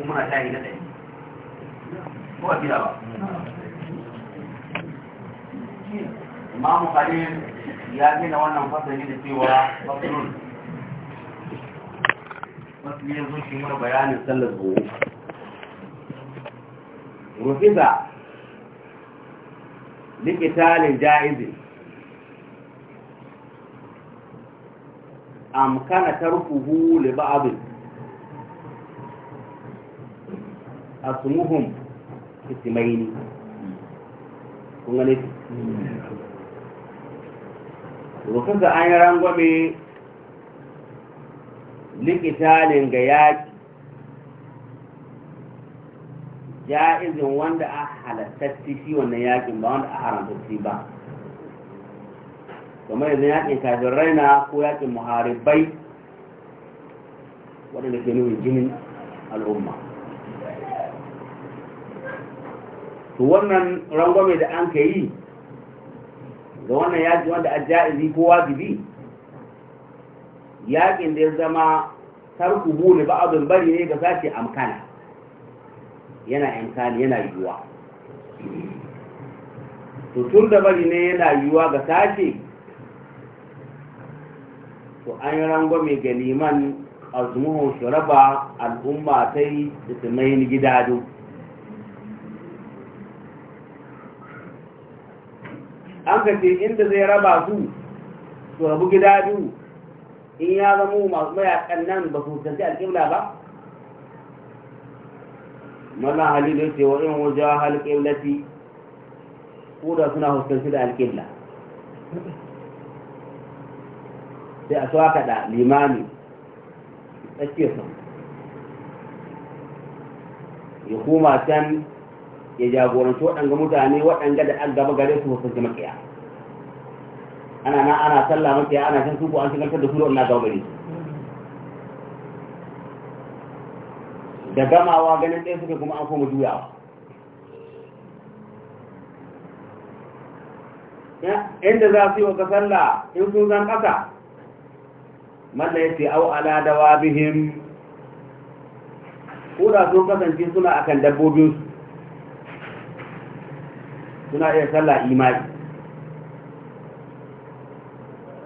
ko muna tayi na ɗaya ko a gida ba imamu ya gina wannan fasali da cewa fasalun ya zo shi mara bayanin sallar gobe Rufisa likitalin ja'izin amkana tarkuhu li asumuhum ismaini kun gane rufin da an yi rangwame likitalin ga yaƙi ja'izin wanda a halattatti shi wannan yaƙin ba wanda a haramtatti ba kamar yanzu yaƙin kafin raina ko yaƙin muharibai waɗanda ke nuna jinin al'umma to wannan rangwame da an ka yi ga wannan yaƙi wanda a ja'izi ko wajibi yaƙin da ya zama tarku buli ba abin bari ne ga sashi amkana yana amkani yana yiwuwa to tun da bari ne yana yiwuwa ga sashi to an yi rangwame ga neman azumuhun shuraba al'umma ta yi gidado an ka ce inda zai raba su su rabu gida biyu in ya zama masu mayakan nan ba su tanti alƙibla ba mana halilu ce wa in wajen alƙiblati ko da suna huskanci da alƙibla sai a suwa kaɗa limani tsakiyar sau ya koma can ya jagoranci waɗanga mutane waɗanga da an gaba gare su sun ji makiya ana na ana sallah makiya ana shan suku an shigantar da su na gaba gari. da gamawa ganin ɗaya suke kuma an koma juyawa inda za su yi wa sallah in sun zan ƙasa malla ya ce au ala dawa bihim ko da sun kasance suna akan dabbobinsu suna iya sallah imani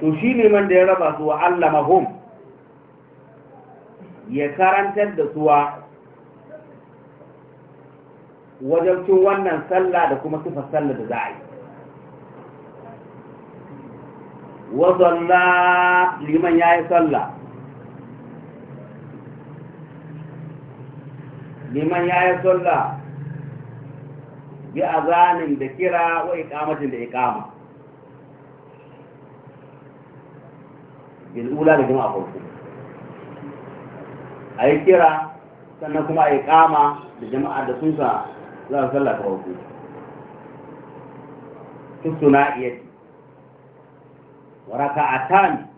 to shi ne man da ya raba su wa Allah mahum ya karantar da suwa wajen cin wannan sallah da kuma sifar sallah da za a yi wazalla liman ya yi sallah liman ya yi sallah bi azanin da kira wa iqamatin da iqama bil ula da jama'a farko yi kira sannan kuma ayi iqama da jama'a da sun sa za su sallata farko su suna iya wa raka'atan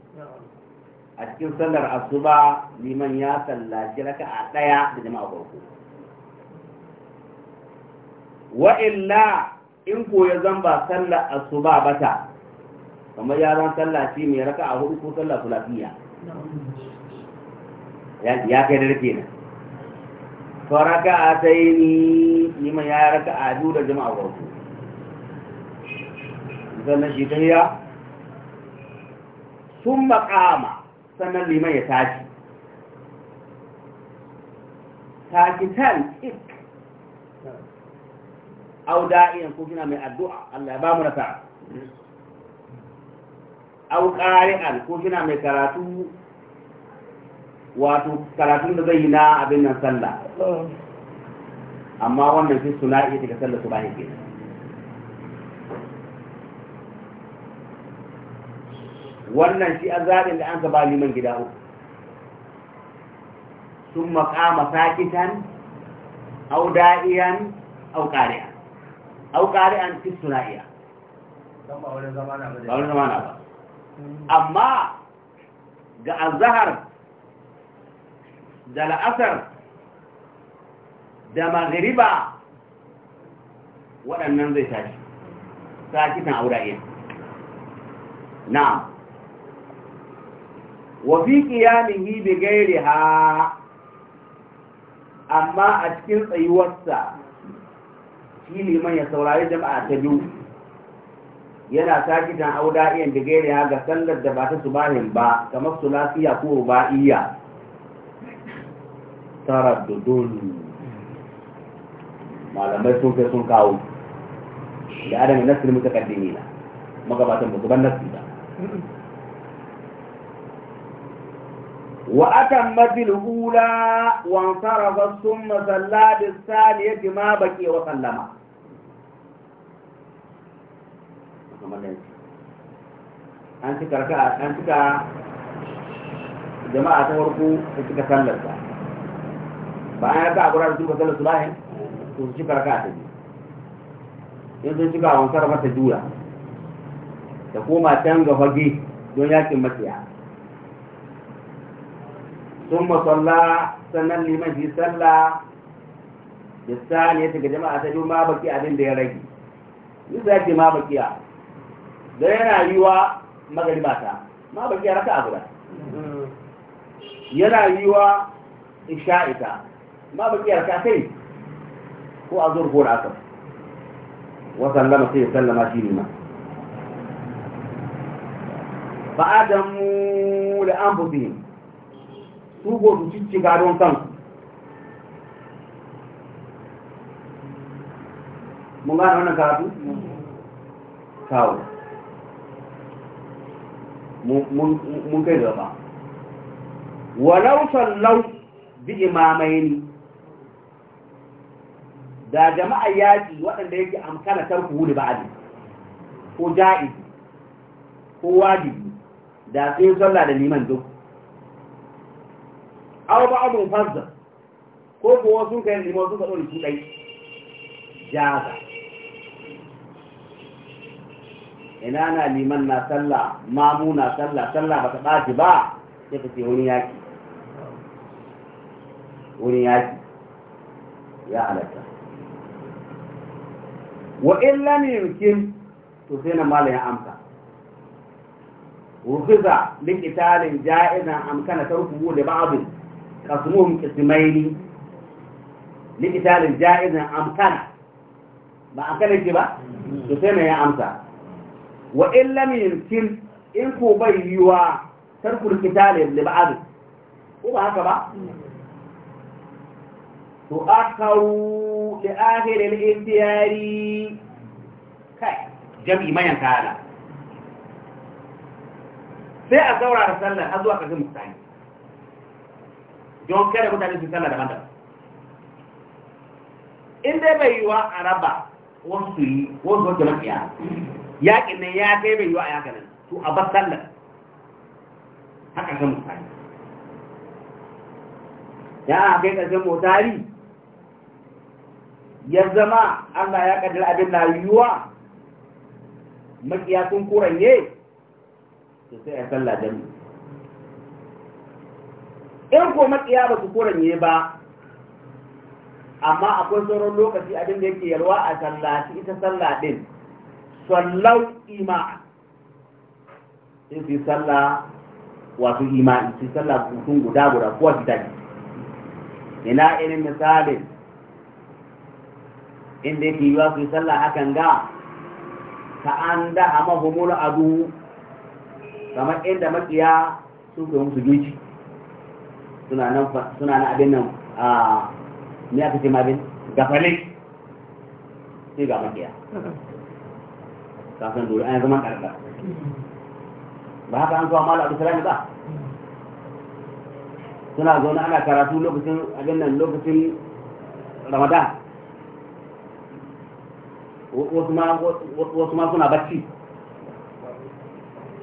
a cikin sallar asuba liman ya sallaci raka'a daya da jama'a farko wa illa in ko ya zan ba sallar asuba bata kamar yaran sallah shi mai raka a hudu ko sallah sulafiya ya kai da rike nan raka a ta yi ni liman ya raka a biyu da jama'a warku sannan shi ta hiya sun makama sannan liman ya tashi tashi tan ik au da'iyan ko kina mai addu'a Allah ya ba mu nasa au ko kina mai karatu wato karatun da zai yi na abin nan sallah amma wannan sai suna iya daga sallah su bayan kenan wannan shi an zaɓin da an ka ba liman gida uku sun makama sakitan au da'iyan au au qari'an fi sunaiya dan ba wani zamana ba amma ga azhar da la'asar, da maghriba waɗannan zai tashi saki kan aura iya na'am wa fi qiyamihi gairi ha, amma a cikin tsayuwarsa shi liman ya saurari jama'a ta biyu yana sakitan auda iyan da gairiya ga sallar da ba ta subahin ba kamar su lafiya ko ruba'iya taraddudun malamai sun kai sun kawo da adam nasir muka kaddini na magabatan ba su ban nasir ba وأتمت الأولى وانصرف ثم صلى بالثانية baki wa sallama an cika an jama'a ta warku ta cika sallar ta ba an raka gura da cika sallar su lahin su cika raka ta biyu in sun cika a wansar mata jura ta koma can ga fage don yakin matsiya sun masalla sannan liman shi salla da sani ya ga jama'a ta yi ma baki abin da ya rage yi za ma a da yana yiwa magariba ta ma ba ke raka abu da yana yiwa isha'ita ma ba ke raka kai ko a zuwa ko da aka wa lama sai sallama shi ne ma ba adamu da an bufi su ko su cikin gadon kanku mun gane wannan karatu kawo mun kai gaba walau sallau bi imamaini da jama'a yaƙi waɗanda yake amkana tarku ba ali ko ja'i ko wadi da sai sallah da liman duk aw ba'dun fazza ko ko sun kai liman sun da dole su dai jaza ina na liman na sallah mamu na sallah sallah ba ta ɓaci ba sai ka ce wani yaki wani yaki ya halatta wa illa ne yankin to sai na mala ya amsa rufiza likitalin ja'izan amkana tarkubu da ba'adun kasmuhum kismaini likitalin ja'izan amkana ba amkana ke ba to sai na ya amsa wa in lam yumkin in ko bai yiwa tarkul ne li ba'd ko ba haka ba to akau li akhir al intiyari kai jam'i mayan kala sai a saurara sallar har zuwa kashin mutane don kare mutane su sallar daban-daban in dai bai yiwa a raba wasu yi wasu wajen mafiya yakin nan ya kai bai yi a yakin nan to a bar sallar haka ga mutane ya kai ƙarshen motari ya zama Allah ya ƙaddar abin na yiwuwa makiya sun kuranye su sai a sallah jami in ko makiya ba su kuranye ba amma akwai sauran lokaci abin da yake yalwa a shi ita sallah din sallau ima in su sallah wato ima'i su sallah hutun guda guda ko fita ne ina irin misalin inda yake yiwa su sallah hakan ga ka an da a mahumul adu kamar inda makiya su kai musu juci? suna nan abin nan a ne aka ce mabin gafale sai ga makiya kafin dole an zama karɓa ba haka an zuwa mala abu salami ba suna zaune ana karatu lokacin abin nan lokacin ramadan wasu ma suna bacci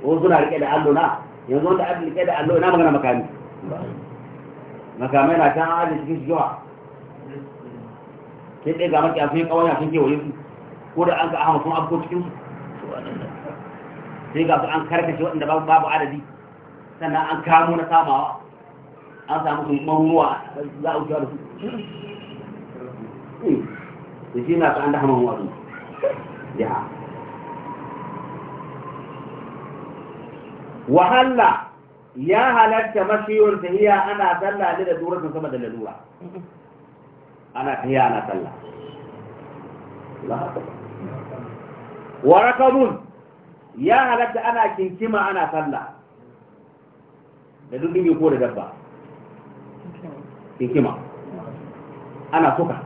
wasu suna rike da allo na yanzu wanda aka rike da allo ina magana makami makamai na can ajiye cikin shiwa sai ɗaya ga maki a sun yi kawai a sun kewaye su ko da an ga ahama sun afko cikin su sai ga su an karkace waɗanda babu adadi sannan an kamo na samawa an samu su mahuwa za a wuce da su hmm. da shi na an da hama mahuwa su ya wahalla ya halarta mashiyar tahiya ana sallah ne da duratun sama da lalura ana tahiya ana sallah wa rakamun ya halatta ana kinkima ana sallah da dudumi ko da dabba kinkima ana suka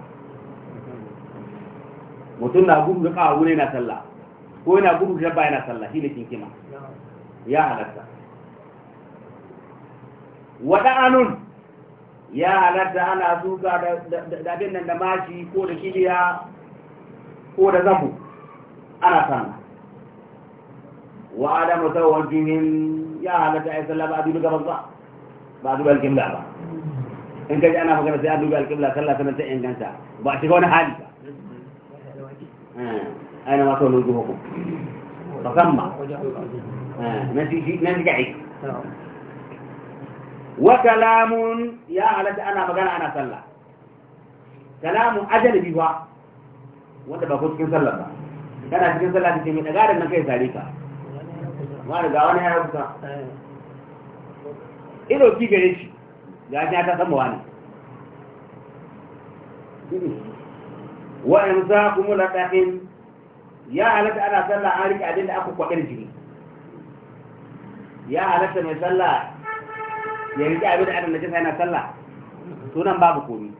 mutum na gudu da kawo ne na sallah ko yana gudu da dabba yana sallah shi ne kinkima ya halatta anun ya halatta ana suka da abin nan da mashi ko da kiliya ko da zabu ana san wa adamu tawajjuhin ya halatta ai sallah ba a ba ba a dubi alƙibla ba in ka ana magana sai a dubi alƙibla sallah sanar ta inganta ba a shiga hali ba aina ma tawallu juhukum fa kamma nan shi nan shi ai wa kalamun ya halatta ana magana ana sallah kalamun ajnabi ba wanda ba ko cikin sallah ba kana cikin sallah ka mai daga nan kai sare ka wani ga wani ya kusa ido ki gare shi ga ya ta samu wani wa in za ku ya halatta ana sallah an rike abin da aka kwaɗar jini ya halatta mai sallah ya rike abin da adam na jisa yana sallah sunan babu komi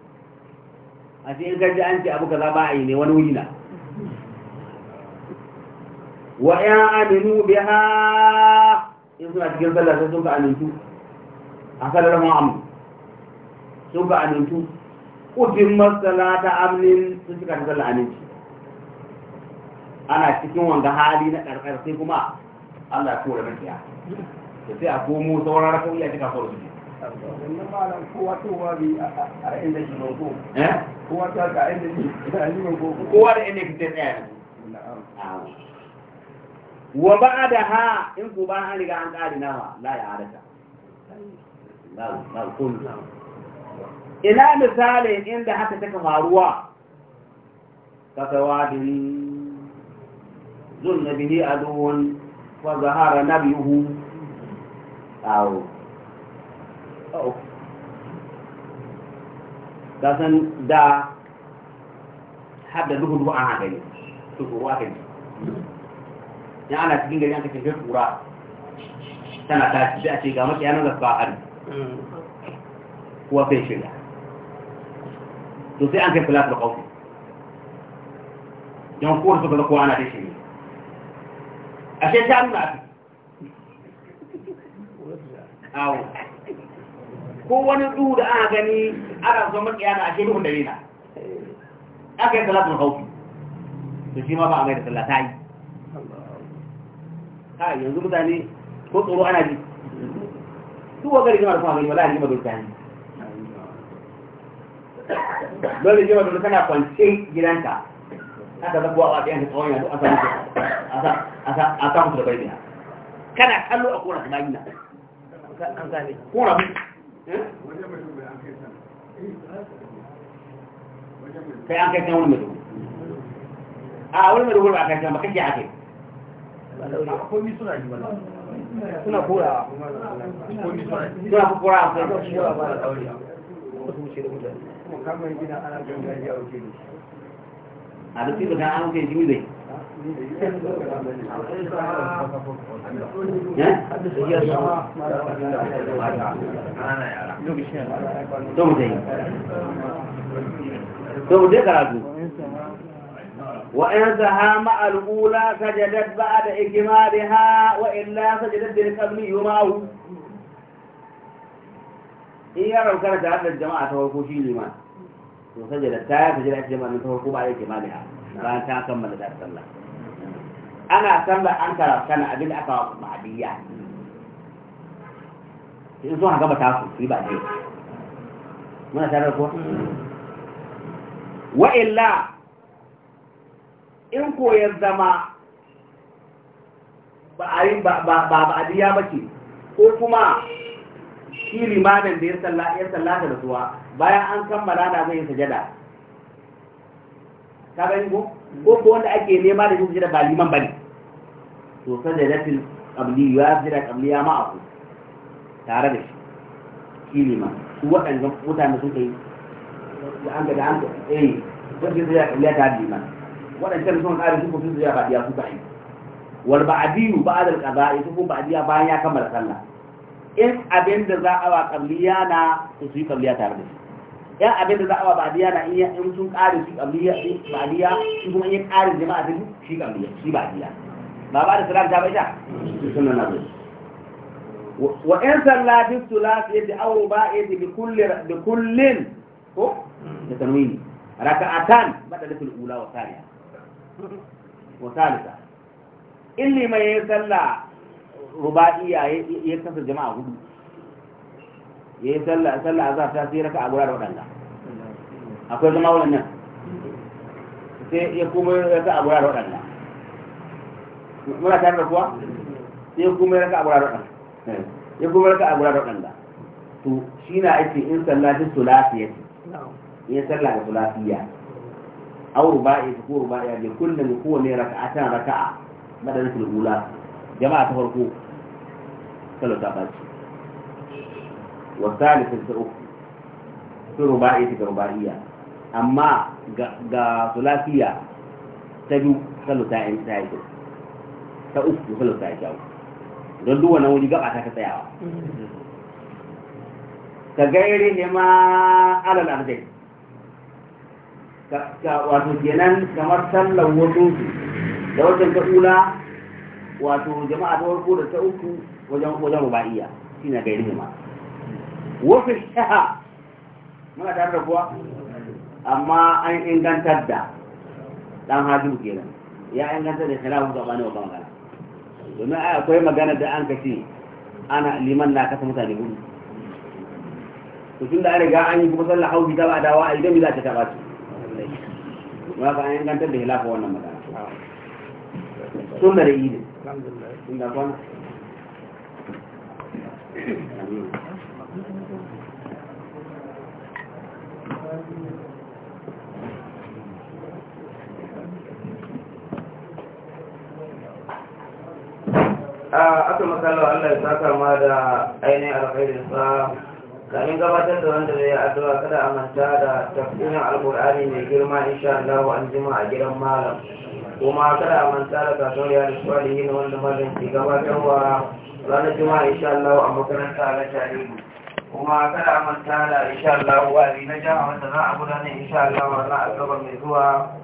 a sai in gaji an ce abu kaza ba a yi ne wani wuri na wa ya aminu biha in suna cikin sallah sai sun ka amintu a sallar mu amin sun ka amintu kudin masala ta amnin sun cika ta sallar aminci ana cikin wanda hali na karkar sai kuma Allah ya da mafiya da sai a komo sauran raka iya cika sauran su malam kowa to a shi eh? kowa ta da inda ke tsaya na'am wa da ha in ku ba an riga an ƙari nawa la ya adata la kullu ina misalin inda haka take faruwa wadin zun ni aduwun wa zahara nabiyuhu aw da san da hadda duhu du'a gani su ruwa gani in ana cikin gari an ka tafi kura tana ta ci a ce ga maka nan da ba hari kuwa sai shirya to sai an kai filafin da kawai don kowar suka zakowa ana tashi ne a shi ta nuna a awo ko wani duhu da ana gani ana zama makiya na a shi duhun da na aka yi salatul khawfi to shi ma ba a mai da sallah ta yi yanzu mutane ko tsoro ana ji su wa gari fahimta wala dole tani dole kwance aka a tsayin tsawon yanzu a da bai biya kana kallo a kona kona bi kai an kai can wani mai dubu a wani mai dubu ba a kai can ba kake a kai Ah, komi suna yi wala suna a duk kai dai وإذها مع الأولى سجدت بعد إجمالها وإلا سجدت بالقبل يراه إن يروا كانت هذا الجماعة توقفوا شيء لما وسجدت تاية سجدت جماعة توقفوا بعد إجمالها فأنا كان كمل ذات صلى أنا صلى أنكر كان أبي أكا معدية إن سوى حقا تعرفوا في بعدين ما تعرفوا وإلا in koyar zama ba a yi ba adiya ba ce ko kuma shi limanin da ya sallata da zuwa bayan an kammala na zai sajada ta bayan ko ko ko wanda ake nema da shi sajada ba liman bane to sajadatul qabli ya sajada qabli ya ma'aku tare da shi shi liman su waɗanda mutane suka yi da an ga da an ga eh wanda sajada qabli ya ta liman waɗancan sun ƙari sun kufin zuwa ba'diya su ba'i wal ba'diyu ba'adar al ya su kun ba'diya bayan ya kammala sallah in abin da za a wa qabliya na su yi qabliya tare da shi yan abin da za a wa ba'diya na in in sun ƙari su qabliya ba'diya su kuma in ƙari jama'a din shi qabliya shi ba'diya ba ba da salam ta bai ta sunan na zai wa in salla bi thulath yadi aw ba'i bi kulli bi kullin ko da tanwini raka'atan badal fil ula wa thaniya wasalisa in liman ya yi sallah ruba'iya ya kasa jama'a hudu ya yi sallah a za ta sai raka a guda da waɗanda akwai zama wannan sai ya kuma raka a guda da waɗanda muna ta yi kuwa sai ya kuma raka a guda da waɗanda ya kuma raka a guda da waɗanda to shi na ake in sallah ta sulafiya ya sallah da sulafiya aw ruba'i ko ruba'i ne kullun ko ne raka'atan raka'a madan fil ula ta farko sallar ta baci wa thalithu ta uku su ruba'i ta ruba'iyya amma ga sulasiya ta biyu sallar ta in ta yi ta uku sallar ta yi don duk wannan wuri gaba ta ka tsayawa mm-hmm. ka gairi ne ma alal arzai wato kenan kamar sallar wasu da wajen ta ula wato jama'a ta warko da ta uku wajen wajen rubaiya shi na gari ma wasu shaha muna tare da kuwa amma an ingantar da dan hajju kenan ya inganta da khilafu da bani wa bangala domin akwai magana da an kace ana liman na kasa mutane gudu to tun da an riga an yi kuma sallar hauki ta ba dawa a idan mi za ta taba su ma ka an gantar da hilafa wannan magana sun da yi ne sun da kwana ah, aka makalla Allah ya saka ma da ainihin alkhairin sa kamin gabatar da wanda zai addu'a kada a manta da tafsirin alkur'ani mai girma insha Allah an jima a gidan malam kuma kada a manta da kasuwar ya yada suwali na wanda mazan ke gabatarwa ranar jima insha Allah a makaranta a lashari kuma kada a manta da insha Allah wa'azi na jama'a wanda za a gudanar insha Allah ranar asabar mai zuwa